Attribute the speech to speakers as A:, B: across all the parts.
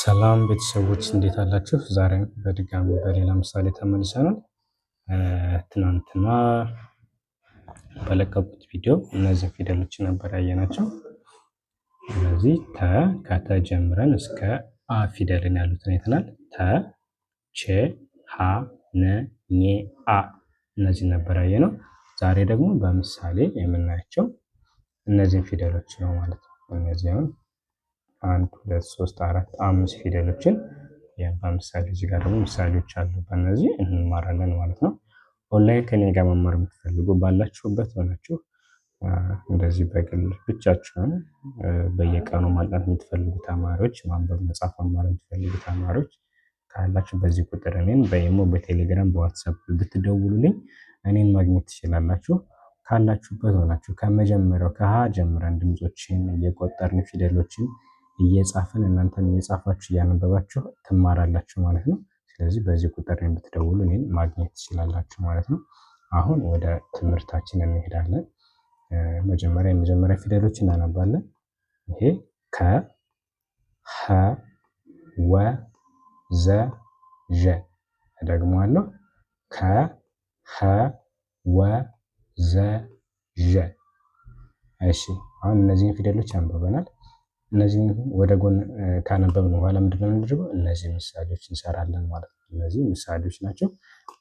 A: ሰላም ቤተሰቦች እንዴት አላችሁ? ዛሬም በድጋሚ በሌላ ምሳሌ ተመልሰናል። ትናንትና በለቀቁት ቪዲዮ እነዚህ ፊደሎች ነበር ያየናቸው። እነዚህ ተ ከተ ጀምረን እስከ አ ፊደልን ያሉትን አይተናል። ተ፣ ቼ፣ ሀ፣ ነ፣ ኜ፣ አ እነዚህ ነበር ነው። ዛሬ ደግሞ በምሳሌ የምናያቸው እነዚህን ፊደሎች ነው ማለት ነው። እነዚህ አሁን አንድ ሁለት ሶስት አራት አምስት ፊደሎችን በምሳሌ እዚህ ጋር ደግሞ ምሳሌዎች አሉ። በእነዚህ እንማራለን ማለት ነው። ኦንላይን ከኔ ጋር መማር የምትፈልጉ ባላችሁበት ሆናችሁ እንደዚህ በግል ብቻችሁን በየቀኑ ማጥናት የምትፈልጉ ተማሪዎች፣ ማንበብ መጻፍ መማር የምትፈልጉ ተማሪዎች ካላችሁ በዚህ ቁጥር እኔን በኢሞ በቴሌግራም በዋትሳፕ ብትደውሉልኝ እኔን ማግኘት ትችላላችሁ። ካላችሁበት ሆናችሁ ከመጀመሪያው ከሀ ጀምረን ድምፆችን እየቆጠርን ፊደሎችን እየጻፍን እናንተም እየጻፋችሁ እያነበባችሁ ትማራላችሁ ማለት ነው። ስለዚህ በዚህ ቁጥር የምትደውሉ እኔን ማግኘት ትችላላችሁ ማለት ነው። አሁን ወደ ትምህርታችን እንሄዳለን። መጀመሪያ የመጀመሪያ ፊደሎች እናነባለን። ይሄ ከ ሀ ወ ዘ ዠ እደግመዋለሁ። ከ ሀ ወ ዘ ዠ። እሺ አሁን እነዚህን ፊደሎች አንብበናል። እነዚህ ወደ ጎን ካነበብን በኋላ ምንድን ነው የምናደርገው? እነዚህ ምሳሌዎች እንሰራለን ማለት ነው። እነዚህ ምሳሌዎች ናቸው።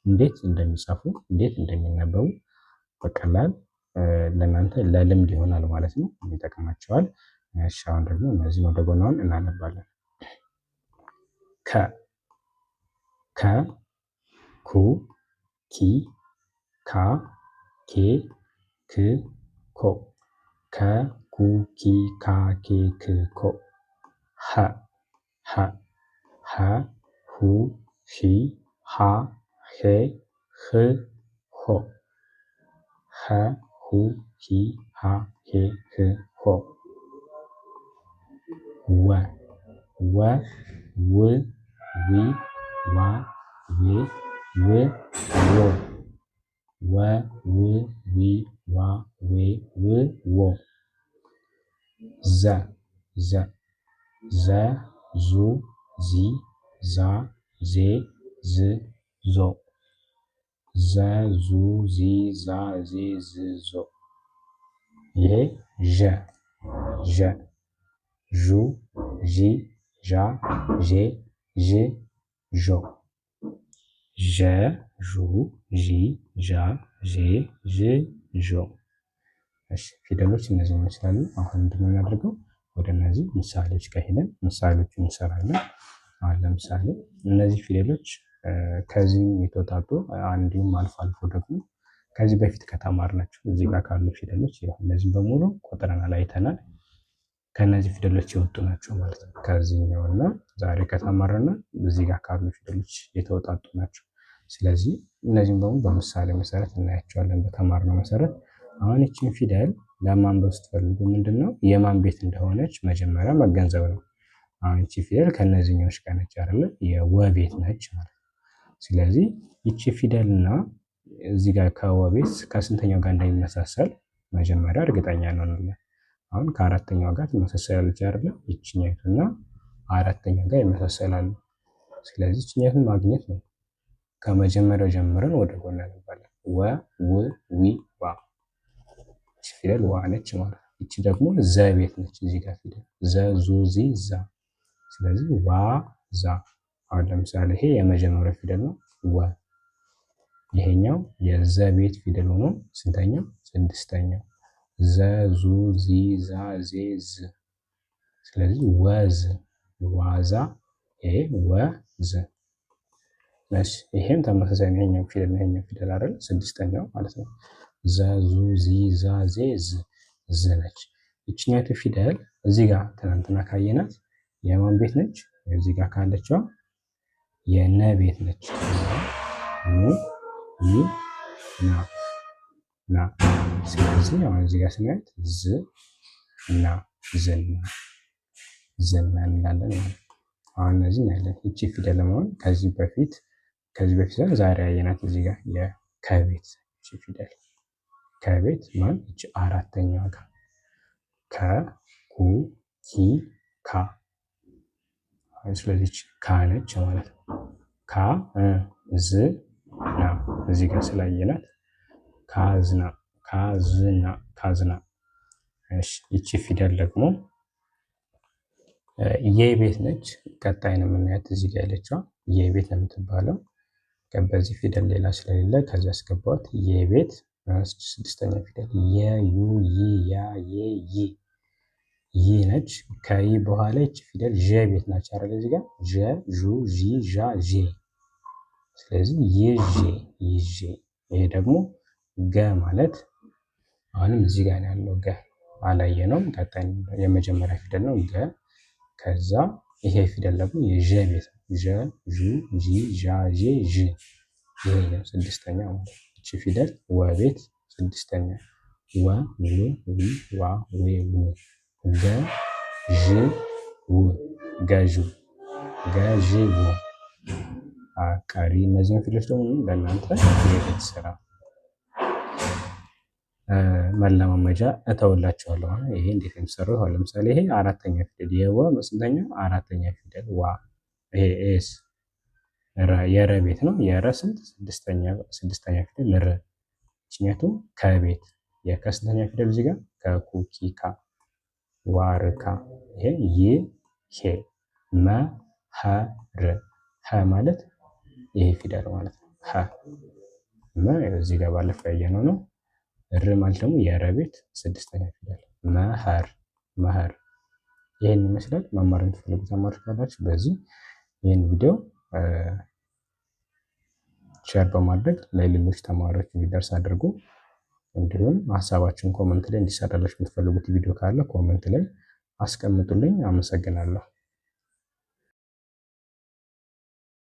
A: እንዴት እንደሚጻፉ እንዴት እንደሚነበቡ በቀላል ለእናንተ ለልምድ ይሆናል ማለት ነው፣ ይጠቅማቸዋል። እሺ አሁን ደግሞ እነዚህ ወደ ጎናውን እናነባለን። ከ ከ ኩ ኪ ካ ኬ ክ ኮ ከ ኩ ኪ ካ ኬ ክ ኮ ኸ ኸ ኸ ሁ ሂ ሃ ሄ ህ ሆ ኸ ሁ ሂ ሃ ሄ ህ ሆ ወ ወ ው ዊ ዋ ዌ ው ዎ ወ ው ዊ ዋ ዌ ው ዎ z, z, z, zu, zi, za, ze, z, je, zé zé ja, je, zé jo. zé zé ja, jo. እሺ ፊደሎች እነዚህ ይመስላሉ። አሁን ምንድን ነው ወደ እነዚህ ምሳሌዎች ከሄደን ምሳሌዎቹን እንሰራለን። አሁን ለምሳሌ እነዚህ ፊደሎች ከዚህም የተወጣጡ አንዲሁም አልፎ አልፎ ደግሞ ከዚህ በፊት ናቸው። እዚህ ጋር ካሉ ፊደሎች እነዚህም በሙሉ ቆጥረናል፣ አይተናል። ከእነዚህ ፊደሎች የወጡ ናቸው ማለት ነው። ከዚህኛው እና ዛሬ ከተማርና እዚህ ጋር ካሉ ፊደሎች የተወጣጡ ናቸው። ስለዚህ እነዚህም በሙሉ በምሳሌ መሰረት እናያቸዋለን፣ በተማርነው መሰረት አሁን ይችን ፊደል ለማንበብ ስትፈልጉ ምንድን ነው የማን ቤት እንደሆነች መጀመሪያ መገንዘብ ነው። አሁን ይቺ ፊደል ከእነዚህኛዎች ጋር ነች አይደለ? የወ ቤት ነች ማለት ነው። ስለዚህ ይቺ ፊደልና እዚህ ጋር ከወ ቤት ከስንተኛው ጋር እንደሚመሳሰል መጀመሪያ እርግጠኛ እንሆናለን። አሁን ከአራተኛው ጋር ትመሳሰላለች አይደለ? ይችኛቱና አራተኛው ጋር ይመሳሰላሉ። ስለዚህ ይችኛቱን ማግኘት ነው። ከመጀመሪያው ጀምረን ወደ ጎን እንባለን። ወ፣ ው፣ ዊ፣ ዋ ፊደል ዋ ነች ማለት ነው። ይቺ ደግሞ ዘ ቤት ነች። እዚህ ጋር ፊደል ዘ ዙ ዚ ዛ። ስለዚህ ዋ ዛ። አሁን ለምሳሌ ይሄ የመጀመሪያው ፊደል ነው ወ። ይሄኛው የዘ ቤት ፊደል ሆኖ ስንተኛው? ስድስተኛው። ዘ ዙ ዚ ዛ ዜ ዝ። ስለዚህ ወዝ ዋዛ። ይሄ ወዝ። ይሄም ተመሳሳይ ነው። ይሄኛው ፊደል ነው። ይሄኛው ፊደል አይደል? ስድስተኛው ማለት ነው። ዘዙ ዙ፣ ዚ፣ ዛ፣ ዜ፣ ፊደል እዚህ ጋር ትናንትና ካየናት የማን ቤት ነች? እዚህ ጋር ካለችዋ የነ ቤት ነች። ኑ ዩ ና ና። ስለዚህ አሁን እዚህ ጋር ስናያት ዝ ና ዝና ዝና እንላለን ማለት አሁን እነዚህ እናያለን። ይቺ ፊደል ለመሆን ከዚህ በፊት ከዚህ በፊት ዛሬ ያየናት እዚህ ጋር የከቤት ፊደል ከቤት ማን ይች አራተኛ ጋ ከ ኩ ኪ ካ ስለዚች ካነች ማለት ነው። ካ ዝ ና እዚህ ጋር ስላየናት ካዝና ካዝና ካዝና። ይቺ ፊደል ደግሞ የቤት ነች። ቀጣይ ነው የምናያት እዚህ ጋር ያለችዋ የቤት ነው የምትባለው። በዚህ ፊደል ሌላ ስለሌለ ከዚህ አስገባት የቤት ስድስተኛ ፊደል የዩ ይ ያ የ ይ ይ ነች። ከይ በኋላ ይች ፊደል ዠ ቤት ናች አይደል? እዚህ ጋር ዠ ዡ ዢ ዣ ዤ። ስለዚህ ይ ይዤ። ይሄ ደግሞ ገ ማለት አሁንም እዚህ ጋር ያለው ገ አላየ ነው። ቀጣይ የመጀመሪያ ፊደል ነው ገ። ከዛ ይሄ ፊደል ደግሞ የዠ ቤት ነው። ዠ ዡ ዢ ዣ ዤ ዥ። ይሄ ነው ስድስተኛ ማለት ነው። ይቺ ፊደል ወ ቤት ስድስተኛ ወ ው ዊ ዋ ዌ ው ገ ዥ ው ገዥው ው አቃሪ እነዚህን ፊደሎች ደግሞ ለእናንተ የቤት ስራ መለማመጃ እተውላችኋለሁ። ይሄ እንዴት የሚሰሩ ይሆን? ለምሳሌ ይሄ አራተኛ ፊደል የወ ስንተኛ? አራተኛ ፊደል ዋ። ይሄ ኤስ የረ ቤት ነው። የረ ስንት ስድስተኛ ፊደል ር ምክንያቱ ከቤት የከስንተኛ ፊደል እዚህ ጋር ከኩኪካ ዋርካ ይሄ ይ ሄ መ ሀ ር ሀ ማለት ይሄ ፊደል ማለት ነው። ሀ መ እዚህ ጋር ባለፈው ያየነው ነው። ር ማለት ደግሞ የረ ቤት ስድስተኛ ፊደል መኸር መኸር። ይህን ይመስላል። መማር የምትፈልጉ ተማሪዎች ካላችሁ በዚህ ይህን ቪዲዮ ሼር በማድረግ ለሌሎች ተማሪዎች እንዲደርስ አድርጉ። እንዲሁም ሀሳባችን ኮመንት ላይ እንዲሰራላችሁ የምትፈልጉት ቪዲዮ ካለ ኮመንት ላይ አስቀምጡልኝ። አመሰግናለሁ።